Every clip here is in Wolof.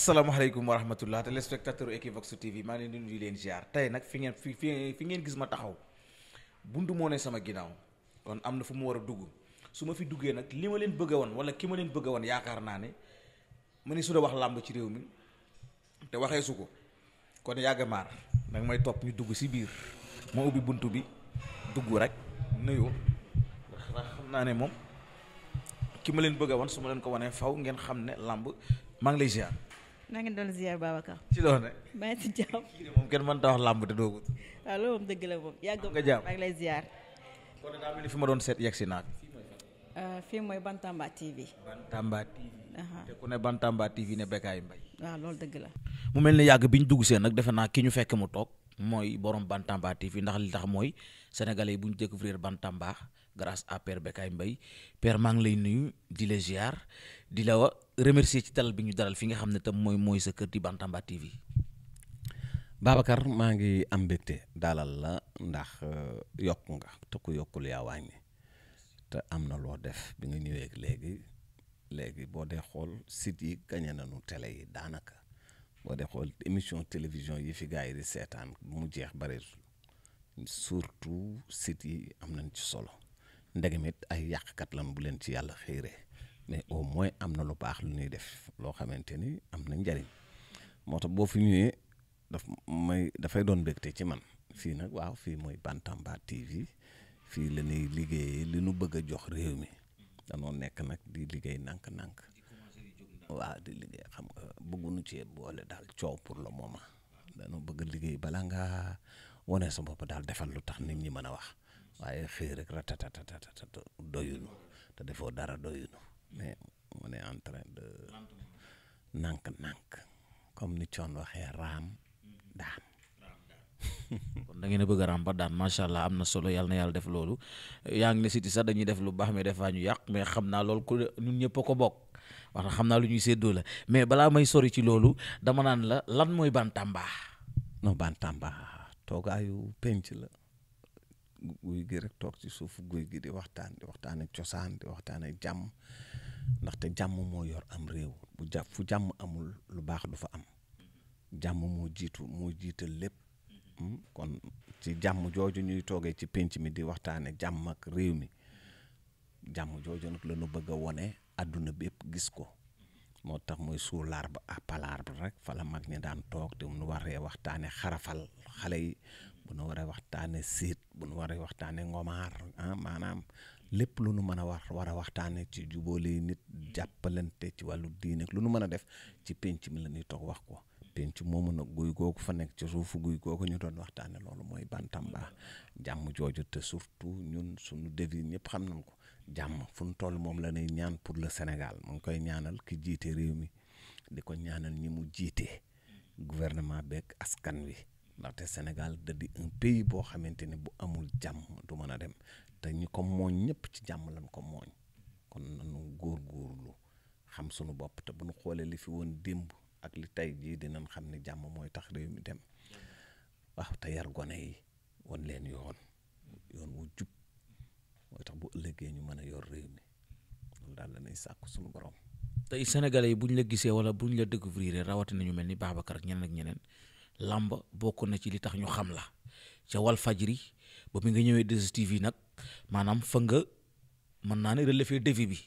asalaamaaleykum wa rahmatullah téléspectateur Equivox TV maa ngi leen di nuyu leen ziar tey nag fi ngeen fi fi ngeen gis ma taxaw buntu moo ne sama ginnaaw kon am na fu mu war a dugg su ma fi duggee nag li ma leen bëgg woon wala ki ma leen bëgg woon yaakaar naa ne ma ni wax làmb ci réew mi te waxee su ko kon yàgg maar nag topp ñu dugg si biir ma ubbi bunt bi dugg rek nuyoo xam naa ne moom ki ma leen bëggee woon su ma leen ko wanee faw ngeen xam ne làmb maa lay ziar. nangeen ngeen doon ziar Babacar. ci si jàmm. moom kenn mënut a wax làmb te doo ko. waaw dëgg la moom. yàgg nga jàmm maa ngi lay fi ma doon seet yegg si naat. Ah, fii mooy Bantamba TV. Bantamba TV. te ku ne Bantamba TV ne Bécaye Mbaye. waaw ah, loolu dëgg la. mu mel ni yàgg bi ñu dugg seen nag defe naa ki ñu fekk mu toog mooy borom Bantamba TV ndax li tax mooy sénégalais yi bu ñu découvrir Bantamba grâce à Père Bekaay Mbaye Père maa ngi lay nuyu di la ziar di la remercier ci dalal bi ñu dalal fi nga xam ne tam mooy mooy sa kër di Bantamba TV. Babacar maa ngi am mbégte dalal la ndax euh, yokku nga te ku yokkul yaa wàññi te am na loo def bi nga ñëwee léegi léegi boo dee xool site yi gañe nañu télé yi daanaka boo dee xool émission télévision yi fi gars yi seetaan mu jeex bareetul surtout site yi am nañ ci solo. ndegem it ay yàqkat lan bu leen ci yàlla xiiree mais au moins am na lu baax lu nuy def loo xamante ni am na njariñ moo tax boo fi ñëwee daf may dafay doon mbégte ci man fii nag waaw fii mooy Bantamba TV fii la ñuy liggéeyee li nu bëgg a jox réew mi danoo nekk nag di liggéey nànk-nànk waaw di liggéey xam nga bëggunu ci boole daal coow pour la le moment danoo bëgg liggéey balaa ngaa wane sa bopp daal defal lu tax nit ñi mën a wax waaye xëy rek ratatatatata doyunu te defoo dara doyunu mais on est en train de nànk-nànk comme ni coon waxee raam daam kon da ngeen a bëgg a raam ba daan macha allah am na solo yàlla na yàlla def loolu yaa ngi ne siti sax dañuy def lu baax mais des fois ñu yàq mais xam naa loolu ku ñun ñëpp a ko bokk wax na xam naa lu ñuy séddoo la mais balaa may sori ci loolu dama naan la lan mooy bantamba. non bantamba toogaayu penc la. guy gi rek toog ci suufu guy gi di waxtaan di waxtaan ak cosaan di waxtaan ak jàmm ndaxte jàmm moo yor am réew bu jàpp jàmm amul lu baax du am jàmm moo jiitu moo jiital lépp hmm? kon ci jàmm jooju ñuy toogee ci pénc mi di waxtaane jàmm réew mi jàmm jooju nag la ñu bëgg a wone àdduna bépp gis ko moo tax muy sous l'arbre à palabres rek fa la mag ñi daan toog te nu waree waxtaane xarafal xale yi bu nu a waxtaanee siit bu nu war waree waxtaanee ngomaar ah maanaam lépp lu nu mën a war war a waxtaanee ci jubóole nit jàppalante ci wàllu diine lu nu mën a def ci penc mi la nuy toog wax ko penc moomu nag guy googu fa nekk ci suuf guy googu ñu doon waxtaane loolu mooy bantam bantamba jàmm jooju te surtout ñun suñu devis ñëpp xam nañ ko jàmm fu nu toll moom la ñuy ñaan pour le Sénégal mu ngi koy ñaanal ki jiitee réew mi di ko ñaanal ñi mu jiite gouvernement beeg askan wi. ndaxte Sénégal da di un boo xamante ni bu amul jàmm du mën a dem te ñu ko mooñ ñëpp ci jàmm lañ ko mooñ kon nanu góorlu xam sunu bopp te bu ñu xoolee li fi woon démb ak li tey jii dinañ xam ne jàmm mooy tax réew mi dem waaw te yar gone yi wan leen yoon yoon wu jub mooy tax bu ëllëgee ñu mën a yor réew mi loolu daal la ñuy sàkku sunu borom. te sénégalais yi bu ñu la gisee wala bu ñu la découvrir rawatina ñu mel ni Babacar ak ñeneen ak ñeneen. làmb bokk na ci li tax ñu xam la ca wal fajri ba mi nga ñëwee 2STV nag maanaam fa nga mën naa ne relevé défi bi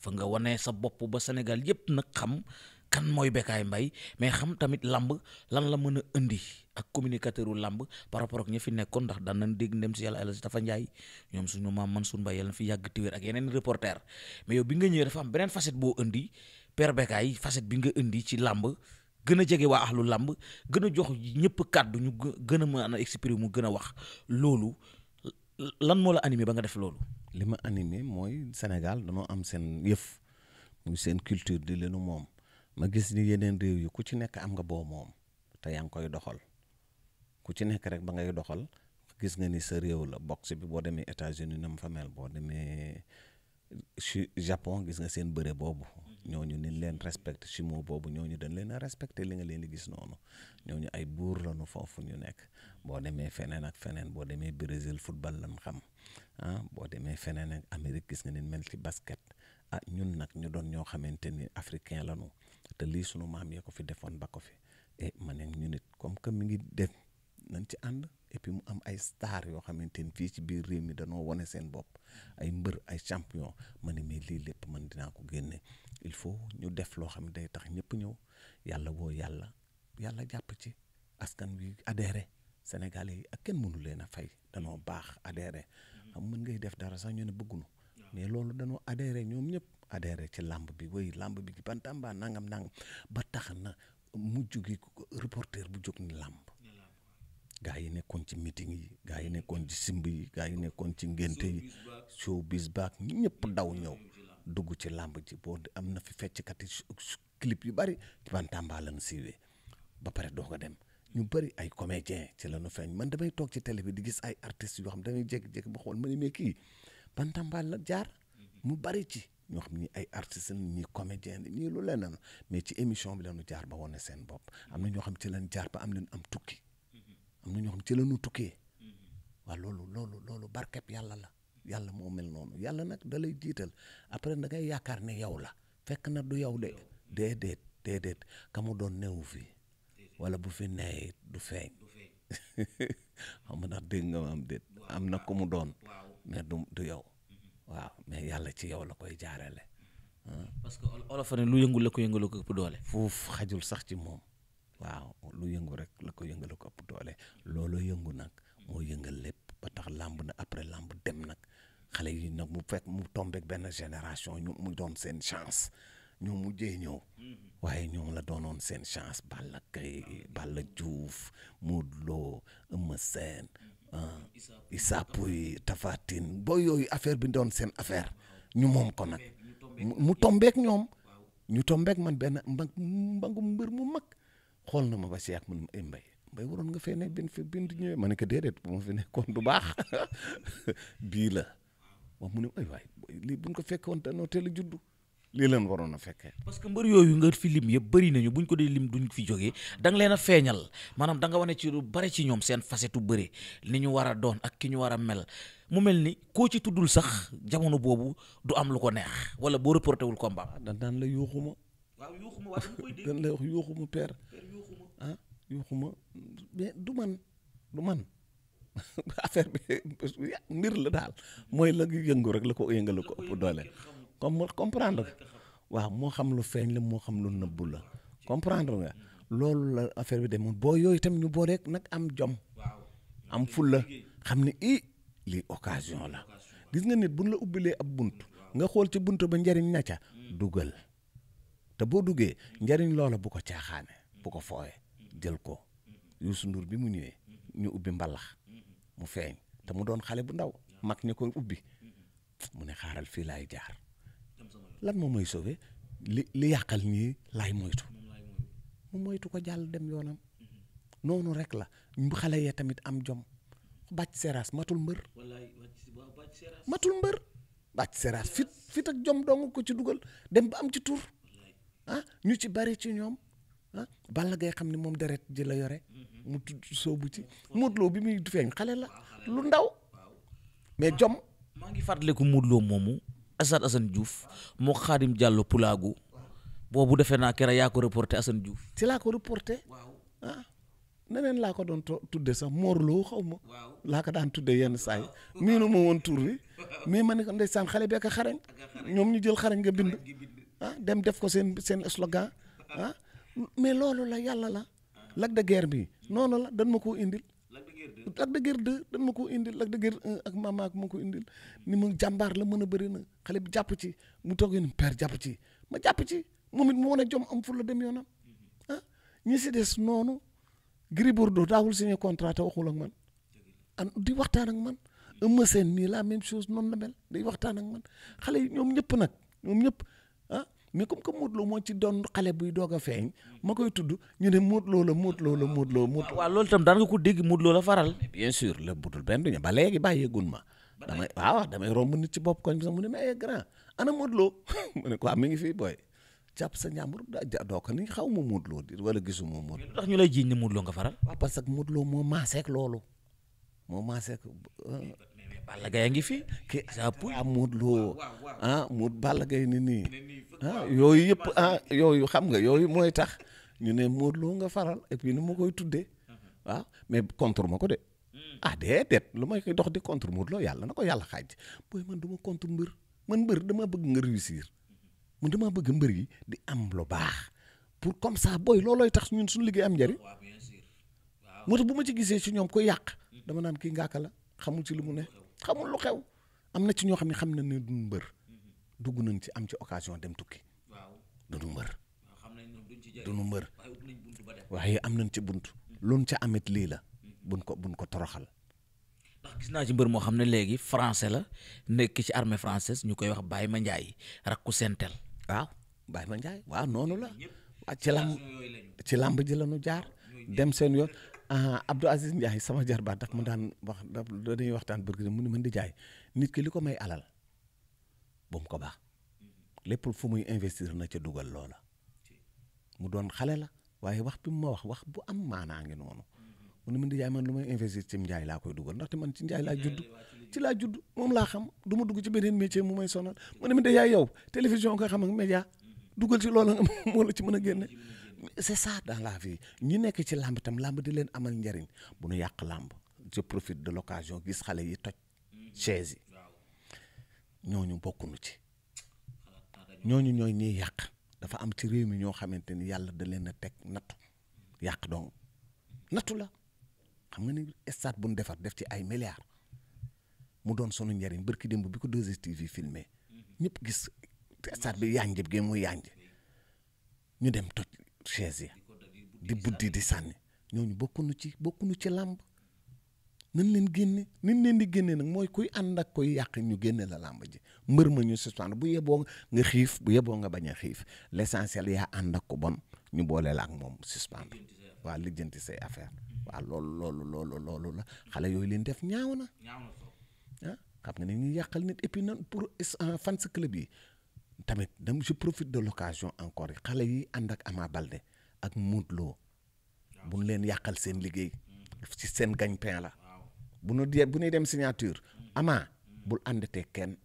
fa nga wane sa bopp ba Sénégal yépp nag xam kan mooy Bécaye mbay mais xam tamit làmb lan la mën a indi ak communicateur u làmb par rapport ak ñi fi nekkoon ndax daan nañ dégg ndem si yàlla El Hadj Tafa Ndiaye ñoom suñu maam Mansour Mbaye yàlla na fi yàgg téwér ak yeneen reporter mais yow bi nga ñëwee dafa am beneen facette boo indi Père bi nga indi ci làmb gën a jege waa lu làmb gën a jox ñëpp kàddu ñu gën a mën a exprimer mu gën a wax loolu lan moo la animé ba nga def loolu. li ma animé mooy Sénégal danoo am seen yëf mu seen culture di leenu moom ma gis ni yeneen réew yi ku ci nekk am nga boo moom te yaa ngi koy doxal ku ci nekk rek ba ngay doxal gis nga ni sa réew la boxe bi boo demee États-Unis na mu fa mel boo demee Japon gis nga seen bëre boobu. ñu nin leen respecté ci moo boobu ñu dañ leen a respecté li nga leen di gis noonu ñu ay buur nu foofu ñu nekk boo demee feneen ak feneen boo demee Brésil football lañ xam ah boo demee feneen ak Amérique gis nga nin mel ci basket ah ñun nag ñu doon ñoo xamante ni africain lañu te lii sunu maam yee ko fi defoon ba ko fi eh, ma ne ñun nit comme que mi ngi def nañ ci ànd et mu am ay star yoo xamante ni fii ci biir réew mi danoo wane seen bopp ay mbër ay champion man ne mais lii lépp man dinaa ko génne il faut ñu def loo xam ne day tax ñëpp ñëw yàlla woo yàlla yàlla jàpp ci askan wi adhéré Sénégalais yi ak kenn mënu leen a fay danoo baax adhéré xam mën ngay def dara sax ñu ne bëggunu mais loolu danoo adhéré ñoom ñëpp adhéré ci làmb bi way làmb bi Bantamba nangam nangam ba tax na mujj gi reporter bu jóg ni gaa yi nekkoon ci meeting yi gaa yi mm-hmm. nekkoon ci simb yi gaa nekkoon ci ngénte yi showbiz baak ñëpp daw ñëw dugg ci làmb ji boo am na fi fecckat yi clip yu bari ci la lañ siiwee ba pare doo ko dem ñu bari ay comédien ci la ñu feeñ man damay toog ci télé bi di gis ay artistes yoo xam damay jékki-jékki ba xool ma ne mais kii Bantamba la jaar mm-hmm. mu bari ci ñoo xam ni ay artistes ñi comédien ñii lu leneen mais ci émission bi la ñu jaar ba wane seen bopp am na ñoo xam ci lañ jaar ba am leen am tukki am na ñoo xam ci la ñu tukkee waaw loolu loolu loolu barkeb yàlla la yàlla moo mel noonu yàlla nag da lay jiital après da ngay yaakaar ne yow la fekk na du yow de déedéet déedéet ka mu doon newu fii wala bu fi nee du feeñ xam nga nga am déet na ku mu doon mais du du yow mm-hmm. waaw mais yàlla ci yow la koy jaarale mm-hmm. parce que olof ne lu yëngul la ko yëngaloo ko ëpp doole. foofu xajul sax ci moom. waaw lu yëngu rek la ko yëngal ko ëpp doole loolu yëngu nag moo yëngal lépp ba tax làmb na après làmb dem nag xale yi nag mu fekk mu tombeek benn génération ñu mu doon seen chance mu mujjee ñëw mm-hmm. waaye ñoom la doonoon seen chance Balla Gaye Balla Diouf Modou Lo Eumeu Sène mm-hmm. ah, Issa Pouye Tapha boo yooyu affaire bi doon seen affaire ñu moom ko nag mu tombeek ñoom ñu tombeek man benn mbag mbangum mbër mu mag xool na ma ba si yàgg man eh, mbay mbay waroon nga fee ne bin fi bin di ñëwee ma ne ko déedéet bu ma fi nekkoon du baax bii la wax mu ne ay waay lii buñ ko fekkoon danoo teel a juddu lii leen waroon a fekkee. parce que mbër yooyu nga fi lim yëpp bëri nañu buñ ko dee lim duñ fi jógee danga leen a feeñal maanaam danga nga wane ci lu bare ci ñoom seen facetu bëre ni ñu war a doon ak ki ñu war a mel mu mel ni koo ci tuddul sax jamono boobu du am lu ko neex wala boo reporté wul combat. waaw ah, daan la yuuxuma. waaw yuuxuma waaye ah yuuxuma du man du affaire bi mbir la daal mooy la yëngu rek la ko yëngal ko ëpp doole comme comprendre nga waaw moo xam lu feeñ la moo xam lu nëbbu la comprendre nga loolu la affaire bi demoon boo yooyu tam ñu boo rek nag am jom am fulla xam ne i lii occasion la gis nga nit buñ la ubbilee ab bunt nga xool ci bunt ba njariñ na ca dugal te boo duggee njariñ loola bu ko caaxaane bu ko fooye jël ko Youssou Ndour bi mu ñëwee ñu ubbi mbalax mu feeñ te mu doon xale bu ndaw mag ñi koy ubbi mu ne xaaral fii laay jaar lan moom moy sauvé li li yàqal nii laay moytu mu moytu ko jàll dem yoonam noonu rek la xale yee tamit am jom bàcc seeraas matul mbër matul mbër bàcc seeraas fit fit ak jom dong ko ci dugal dem ba am ci tur ah, ñu ci bari ci ñoom ah Balla Gaye xam ne moom deret ji la yore mm-hmm. mu tudd bu ci mm-hmm. Modou Lo bi muy feeñ xale la ah, lu ndaw mais jom maa ngi fàttaliku Modou Lo moomu Assane Assane Diouf moo Xaadim Diallo Pulaagu boobu defe naa kera yaa ko reporté Assane Diouf ci laa ko reporté ah neneen laa ko doon tudde sax moorloo xaw ma laa ko daan tudde yenn saa yi miinu ma woon tur bi mais ma ne ko ndeysaan xale bee ko xarañ ñoom ñu jël xarañ nga bind ah, dem def ko seen seen slogan ah, mais loolu la yàlla la. Lac de bi noonu la dan ma koo indil. Lac de Guiers 2 Lac dan ma ko indil Lac de Guiers 1 ak mama ak ko indil ni mu jàmbaar la mën a bëri na xale bi jàpp ci mu toog ni père jàpp ci ma jàpp ci moom it mu wane jom am fu la dem yoonam mm-hmm. ah ni si des noonu Gris Bordeaux daawul signé contrat te waxul ak man an di waxtaan ak man Eumeu seen nii la même chose noonu la mel day waxtaan ak man xale yi ñoom ñëpp nag ñoom ñëpp. mais comme que Modou Lo moo ci doon xale buy doog a feeñ ma koy tudd ñu ne Modou Lo la Modou Lo la Modou Lo Modou Lo waaw loolu itam daan nga ko dégg Modou Lo la faral bien sûr la budul benn duñu ba léegi bàyyeegun ma damay waaw damay romb nit ci bopp koñ bi sax mu ne mais grand ana Modou Lo mu ne quoi ah, mi ngi fii booy jàpp sa njàmbur daa doo ko ni xaw ma Modou Lo di wala gisuma Modou Lo tax ñu lay jiiñ ne Modou Lo nga faral waaw parce que Modou Lo moo maaseek loolu moo maaseek euh, Balla Gaye a ngi fi ki ah Modou Lo ah Modou Balla Gaye ni nii ah, yooyu yëpp ah yooyu xam nga yooyu mooy tax ñu ne Modou loo nga faral et puis ni koy tuddee waaw uh-huh. ah, mais contre ma ko de hmm. ah déedéet lu ma koy dox di contre Modou Lo yàlla na ko yàlla xaaj booy man du ma contre mbër man mbër dama bëgg nga réussir uh-huh. man dama bëgg mbër yi di am lu baax pour comme ça booy loolooy tax ñun suñu liggéey am njëriñ moo tax bu ma ci gisee si ñoom ko yàq hmm. dama naan kii ngaaka la xamul ci lu mu ne xamul lu xew am na ci ñoo xam ne xam na ne duñ mbër mm-hmm. dugg nañ ci am ci occasion dem tukki duñu mbër duñu mbër waaye am nañ ci bunt mm-hmm. luñ ci amit lii la mm-hmm. buñ ko buñ ko toroxal ndax gis naa ci mbër moo xam ne léegi français la nekk ci armée française ñu koy wax ma njaay rakku sentel waaw Baye Mandiaye waaw noonu la waaw ci lamb ci lamb ji la jaar dem seen yoon Abdou Aziz Ndiaye sama jarbaat daf mu daan wax daf dañuy waxtaan bërgi mu ne mën di jaay nit ki li ko may alal bu mu ko baax lépp fu muy investir na ca dugal loola mu doon xale la waaye wax bi mu ma wax wax bu am maanaa ngi noonu mu ne mën di jaay man lu ma investir ci njaay laa koy dugal ndaxte man ci njaay laa judd ci laa judd moom laa xam du ma dugg ci beneen métier mu ma sonal mu ne mën di jaay yow télévision nga xam ak média dugal ci loola nga moo la ci a génne c'est ça dans la vie ñu nekk ci làmb tam làmb di leen amal njariñ bu nu yàq làmb je profite de l'occasion gis xale yi toj chaise yi ñooñu bokkunu ci ñooñu ñooy ñiy yàq dafa am ci réew mi ñoo xamante ni yàlla da leen a teg nattu yàq donc nattu la xam nga ni stade bu nu defar def ci ay milliards mu doon sunu njariñ barki démb bi ko 2STV filmé ñëpp gis stade bi yànj bi mu yànj ñu dem toj chaise yi di buddi di sànni ñooñu bokkunu ci bokkunu ci làmb nan leen génne nan leen di génne nag mooy kuy ànd ak koy yàq ñu génne la làmb ji mbër ma ñu suspendre bu yeboo nga xiif bu yeboo nga bañ a xiif l'essentiel yaa ànd ak ko bon ñu boole la ak moom suspendre waa lijjanti say affaire waa loolu loolu loolu loolu la xale yooyu leen def ñaaw na ah, xam nga ni ñuy yàqal nit et puis nan pour euh, fans club yi tamit dam je profite de l'occasion encore xale yi ànd ak Ama Balde ak Modou Lo buñ leen yàqal seen liggéey mm. ci seen gagne-pain la bu nu bu ñuy dem signature mm. Ama mm. bul àndatee kenn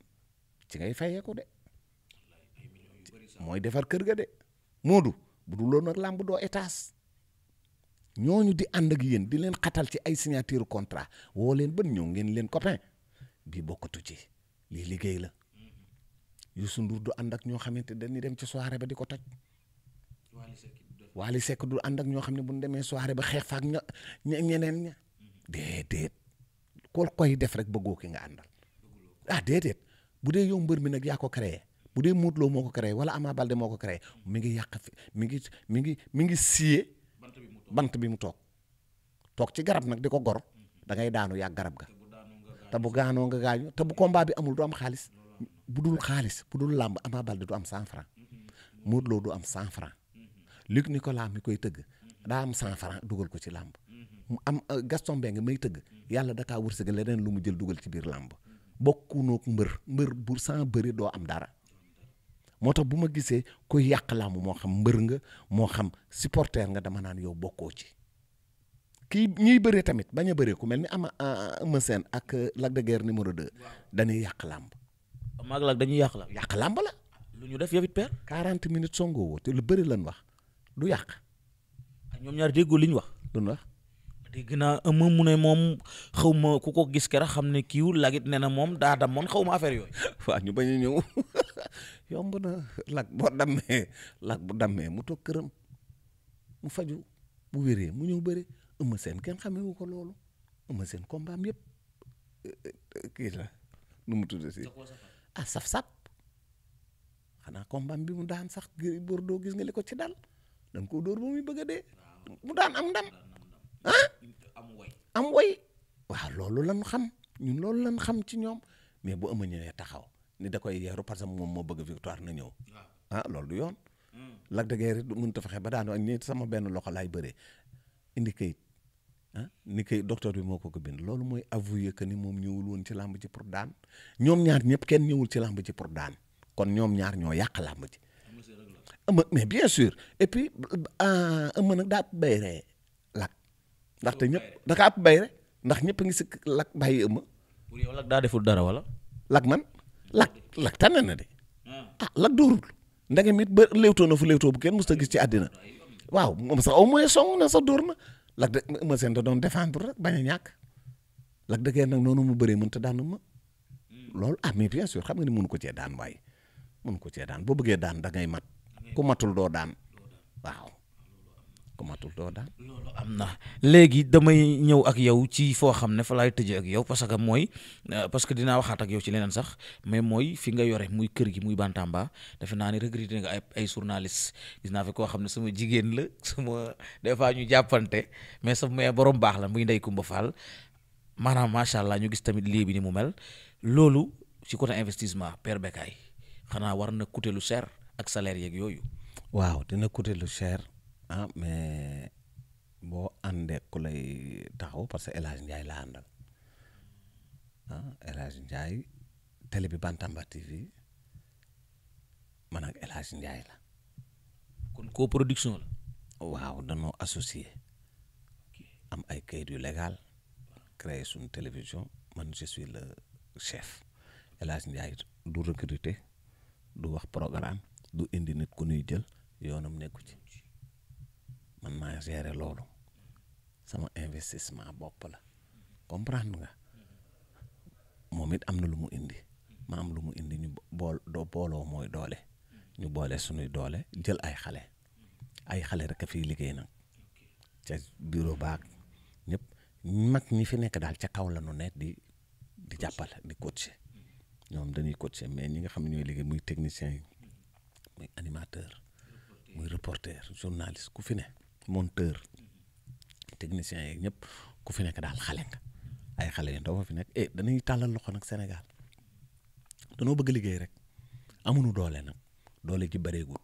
ci ngay fayeeku de mooy defar kër ga de Modou bu dul loolu nag làmb doo étage ñooñu di ànd ak yéen di leen xatal ci ay signature contrat woo leen bën ñëw ngeen leen copain bii bokkatu ci lii liggéey la Youssou Ndour du ànd ak ñoo xamante dañuy dem ci soirée ba di ko toj. Wally Seck du ànd ak ñoo xam ne bu ñu demee soirée ba xeex faak ña ñeneen ña. déedéet kool koy def rek bëggoo ki nga àndal. ah déedéet bu dee yow mbër mi nag yaa ko créé bu dee Modou Lo moo ko créé wala Ama Balde moo ko créé mi ngi yàq fi mi ngi mi ngi mi ngi scié bant bi mu toog toog ci garab nag di ko gor da daanu yàgg garab ga te bu gaanoo nga gaañu te bu combat bi bu dul xaalis bu dul làmb Ama Baldé du am 100 francs Modou Lo du am 100 francs Luc Nicolas mi koy tëgg daa am dugal ko ci làmb mu am euh, Gaston Mbengue may tëgg yàlla da kaa wërsëgal leneen lu mu jël dugal ci biir làmb bokkunoog mbër mbër bu sans bëri doo am dara moo tax bu ma gisee koy yàq làmb moo xam mbër nga moo xam supporter nga dama naan yow bokkoo ci kii ñiy bëree tamit bañ a bëree ku mel ni ama euh, Eumeu Sène ak euh, Lac de Guiers numéro 2 yàq làmb maag laag dañuy yàq la. yàq làmb lu ñu def yow it père. 40 minutes songoo woo te lu bëri lan wax du yàq. Ah, ñoom ñaar déggoo liñ wax. lu ñu wax. dégg naa un mu ne moom xawma ku ko gis kera xam ne kiiw lagit ne na moom daa damoon xaw ma affaire yooyu. waaw ñu bañ a ñëw yomb na lag boo dammee lag bu dammee mu toog këram mu faju bu wéree mu ñëw bari Eumeu seen kenn xamee ko loolu Eumeu Sène combat am yëpp eh, eh, kii la nu mu tudd si. ah saf-sap xanaa combat bi mu daan sax Gris doo gis nga li ko ci dal da koo dóor ba muy bëgg a mu daan am ndam ah am way waaw loolu lan xam ñun loolu lan xam ci ñoom mais bu ama ñëwee taxaw ni da koy yeeru parce que moom moo bëgg victoire na ñëw ah loolu du yoon hmm. Lac de Guiers mënut a fexe ba daan ak sama benn loxo laay bëree indi kayit ah ni koy docteur bi moo ko ko bind loolu mooy avouer que ni moom ñëwul woon ci làmb ji pour daan ñoom ñaar ñëpp kenn ñëwul ci làmb ci pour daan kon ñoom ñaar ñoo yàq làmb ji. ëmb mais bien sûr et puis ëmb euh, nag daa bay ree làkk ndaxte ñëpp da kaa bay rek ndax ñëpp a ngi si làkk bàyyi ëmb. yow làkk daa deful dara wala. làkk man lakk làkk tànn na de. ah, ah làkk dóorul ndege mit ba léewtoo na fu léewtoo bu kenn mosut a gis ci àddina waaw moom sax au moins song na sax dóor na. Lac de Eumeu Sène da doon défendre rek bañ a ñàkk Lac de nag noonu mu bëree mënut a daan ma hmm. loolu ah mais bien sûr xam nga ni mënu ko cee daan waaye mënu ko cee daan boo bëggee daan da ngay mat ku matul doo daan waaw. ku matul doo daan. loolu am na léegi damay ñëw ak yow ci foo xam ne fa laay tëje ak yow parce que mooy euh, parce que dinaa waxaat ak yow ci leneen sax mais mooy fi nga yore muy kër gi muy Bantamba defe naa ne regretté nga ay ay journaliste gis naa fi koo xam ne sama jigéen la sama des fois ñu jàppante mais sa mais borom baax la muy Ndeye Kumba Fall maanaam macha allah ñu gis tamit lii bi ni mu mel loolu ci côté investissement Père Bécaye xanaa war na coûter lu cher ak salaire yeeg yooyu. ah mais boo àndee ku lay taxaw parce que El Hadj Ndiaye laa àndal ah El Hadj Ndiaye télé bi Bantamba TV man ak El Hadj la. kon coproduction la. waaw danoo associé am ay kayit yu légal créer suñu télévision man je suis le chef El Hadj Ndiaye du recruter du wax programme du indi nit ku ñuy jël yoonam nekku ci. man maa gérer loolu sama investissement bopp la comprendre nga moom it am na lu mu indi ma am lu mu indi ñu booloo mooy doole ñu boole suñuy doole jël ay xale ay xale rek a liggéey nag ca bureau baag ñëpp mag ñi fi nekk daal ca kaw la nu ne di di jàppale di coacher ñoom dañuy coacher mais ñi nga xam ne ñooy liggéey muy technicien yi muy animateur muy reporter journaliste ku fi ne. monteur technicien yeeg ñëpp ku fi nekk daal xale nga ay xale yu ndaw fi nekk eh danañuy tàllal loxo nag Sénégal danoo bëgg liggéey rek amuñu doole nag doole ji bareegul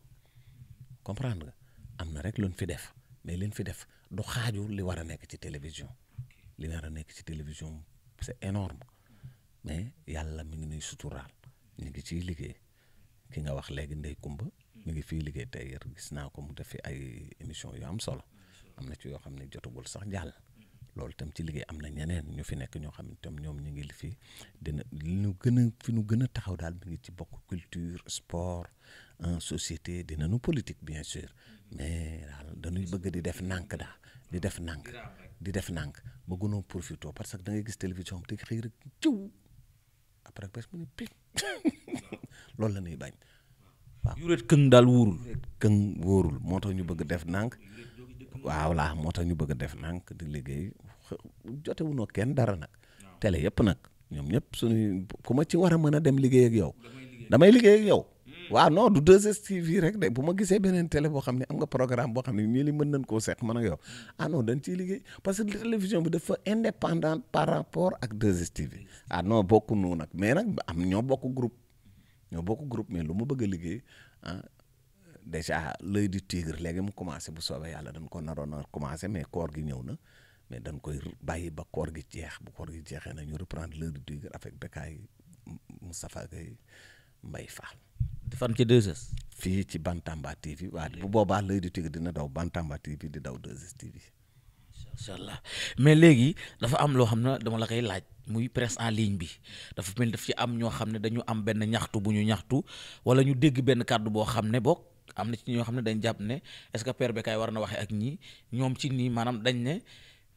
comprendre am na rek luñ fi def mais liñ fi def du xaaju li war a nekk ci télévision li war a nekk ci télévision c'est énorme mais yàlla mi ngi nuy suturaal ñu ngi ciy liggéey ki nga wax léegi ndey kumba mi ngi fii liggéey Taïr gis naa ko mu def fi ay émission yu am solo am na ci yoo xam ne jotagul sax jàll loolu tam ci liggéey am na ñeneen ñu fi nekk ñoo xam ne itam ñoom ñu ngi fi dina li ñu gën a fi ñu gën a taxaw daal mi ngi ci bokk culture sport en société dinañu politique bien sûr mais daal bëgg di def nànk daal di def nànk di def nànk ba gënoo profité parce que da ngay gis télévision bi te xëy rek jiw après bés mu ne pip loolu la ñuy bañ waaw yuréet këng daal wóorul. këng wóorul moo tax ñu bëgg def nànk waaw voilà moo tax ñu bëgg def nànk di liggéey noo kenn dara nag. télé yëpp nag ñoom ñëpp suñuy ku ma ci war a mën a dem liggéey ak yow. damay liggéey ak yow. Hmm. waaw non du 2STV rek de bu ma gisee beneen télé boo xam ne am nga programme boo xam ne ñii li mën nañ koo seq mën ak yow hmm. ah non dañ ciy liggéey parce que télévision bi dafa indépendante par rapport ak 2STV a ah non bokku nu nag mais nag am ñoo bokk groupe. ñoo bokk groupe mais lu mu bëgg liggéey ah déjà l'œil du tigre léegi mu commencé bu soobee yàlla dañ ko naroon a commencé mais koor gi ñëw na mais dañ koy bàyyi ba koor gi jeex bu koor gi jeexee na ñu reprendre l'œil du tigre avec Bécaye Moustapha Gueye Mbaye Fall. di fan ci 2S. fii ci Bantamba TV waa bu boobaa l'œil du tigre dina daw Bantamba TV di daw 2S TV. incha allah mais léegi dafa am loo xam ne dama la kay laaj muy presse en ligne bi dafa mel daf ci am ñoo xam ne dañu am benn ñaxtu bu ñu ñaxtu wala ñu dégg benn kàddu boo xam ne bokk am na ci ñoo xam ne dañ jàpp ne est-ce que Père war na waxee ak ñii ñoom ci nii maanaam dañ ne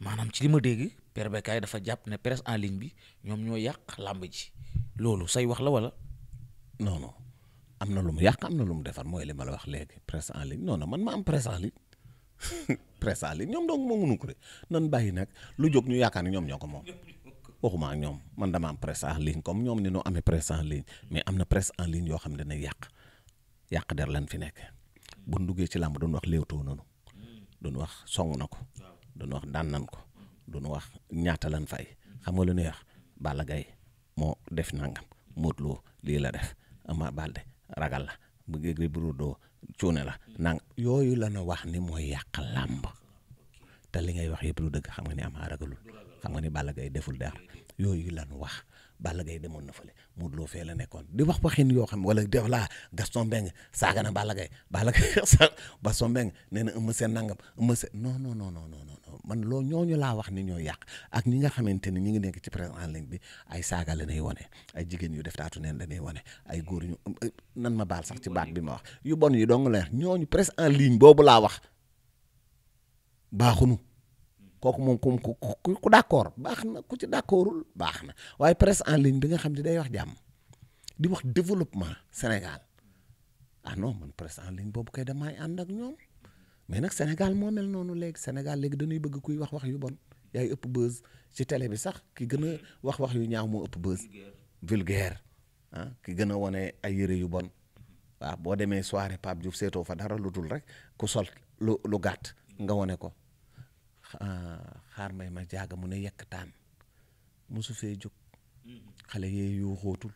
maanaam ci li ma dégg Père Bécaye dafa jàpp ne presse ligne bi ñoom ñoo yàq làmb ji loolu say wax la wala. non am na lu mu yàq am na lu mu defar mooy li ma la wax léegi presse en ligne non man ma am presse en ligne. presse en ligne ñoom donc moo mënu ko de nan bàyyi nag lu jóg ñu yaakaar ne ñoom ñoo ko moom waxuma ak ñoom man dama am presse en ligne comme ñoom ni noo amee presse en ligne mais am na presse en ligne yoo ne dana yàq yàq der lan fi nekk buñ duggee ci làmb doon wax léewtoo nanu doon wax song na ko doon wax daan nan ko doon wax ñaata lan fay xam nga lu ñuy wax Balla Gaye moo def nangam Modou Lo lii la def Ama Baldé ragal la bu Gris Bordeaux cuune la nang yooyu la na wax ni mooy yàq làmb te li ngay wax yëpp lu dëgg xam nga ni Ama ragalul xam nga ni Balla Gaye deful dara yooyu la nu wax Balla Gaye demoon na fële Modou Lo fee la nekkoon di wax waxin yoo xam wala def laa Gaston Mbengue saaga na Balla Gaye Balla Gaye Gaston Mbengue nee na ëmb seen nangam ëmb seen non non non man loo ñooñu laa wax ni ñoo yàq ak ñi nga xamante ni ñi ngi nekk ci présent en ligne bi ay saaga la ñuy wane ay jigéen yu def taatu neen la ñuy wane ay góor ñu nan ma baal sax ci baat bi ma wax yu bon yi dong la ñooñu presse en ligne boobu laa wax baaxunu kooku moom ku ku ku d'accord baax na ku ci d'accordul baax na waaye presse en ligne bi nga xam ne day wax jàmm di wax développement Sénégal ah non man presse en ligne boobu kay damay ànd ak ñoom mais nag Sénégal moo mel noonu léegi Sénégal léegi dañuy bëgg kuy wax wax yu bon yaay ëpp buzz si télé bi sax ki gën a wax wax yu ñaaw moo ëpp buzz vulgaire ah ki gën a wane ay yëre yu bon waa boo demee soirée Pape Diouf seetoo fa dara lu dul rek ku sol lu lu gàtt nga wane ko xaar may ma jaaga mu ne yekk taan mosu fee jóg mm-hmm. xale yee yuuxootul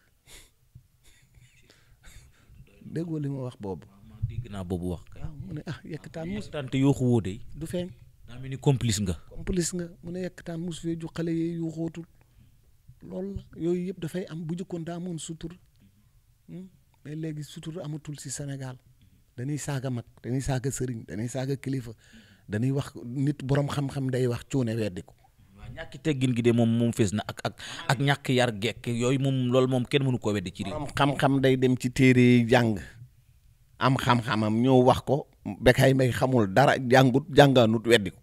déggoo li ma wax boobu. dégg naa boobu wax. mu ne ah yekk taan mosu taan te ni complice nga. complice nga mu ne yekk taan mosu fee jóg xale yee yuuxootul loolu la yooyu yëpp dafay am bu jëkkoon daa amoon sutur mm-hmm. hmm? mais léegi sutur amatul si senegal dañuy saaga mag dañuy saaga sëriñ dañuy saaga kilifa. dañuy wax nit borom xam-xam day wax cuune weddi ko. waaw ñàkk teggin gi de moom moom fees na ak ak ak ñàkk yar gekk yooyu moom loolu moom kenn mënu koo weddi ci réew. borom xam-xam day dem ci téere jàng am xam-xamam ñëw wax ko Bécaye Mbaye xamul dara jàngut jàngaanut weddi ko.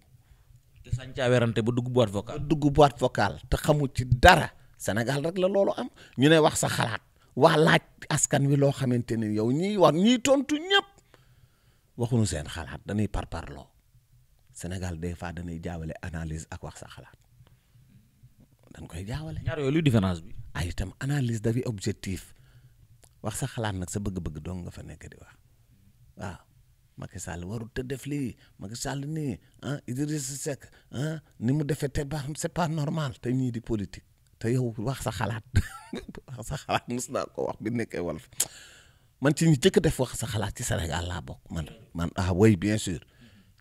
te sañ caa werante ba dugg boîte vocale. ba dugg boîte te xamul ci dara. senegal rek la loolu am ñu ne wax sa xalaat wax laaj askan wi loo xamante ni yow ñiy wax ñiy tontu ñëpp waxuñu seen xalaat dañuy parparloo Sénégal des fois dañuy jaawale analyse ak wax sa xalaat dañ koy jaawale. ñaar yooyu lu différence bi. ay ah, itam analyse dafay objectif wax sa xalaat nag sa bëgg-bëgg dong nga fa nekk di wax Sall warut a def lii Macky Sall nii ah, ah ni mu defee te ba c'est normal te ñii di politique te yow wax sa xalaat wax sa xalaat mos man ci ñi jëkk def wax sa xalaat ci Sénégal laa bokk man man ah bien sûr.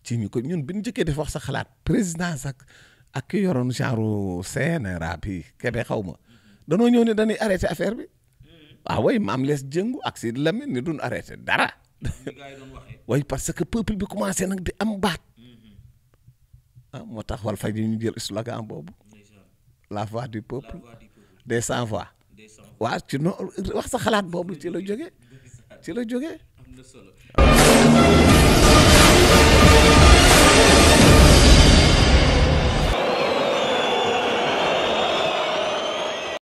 ci ñu ko ñun bi ñu njëkkee def wax sa xalaat président sax ak ki yoroon genre CNRA bi Kébé xaw ma danoo ñëw ne dañuy arrêté affaire bi waaw way maam lees jëngu ak si Lamine ni duñ arrêté dara way parce que peuple bi commencé nag di am baat ah moo tax wal faj yi ñu jël slogan boobu la voix du peuple des sans voix waaw ci no wax sa xalaat boobu ci la jóge la jógee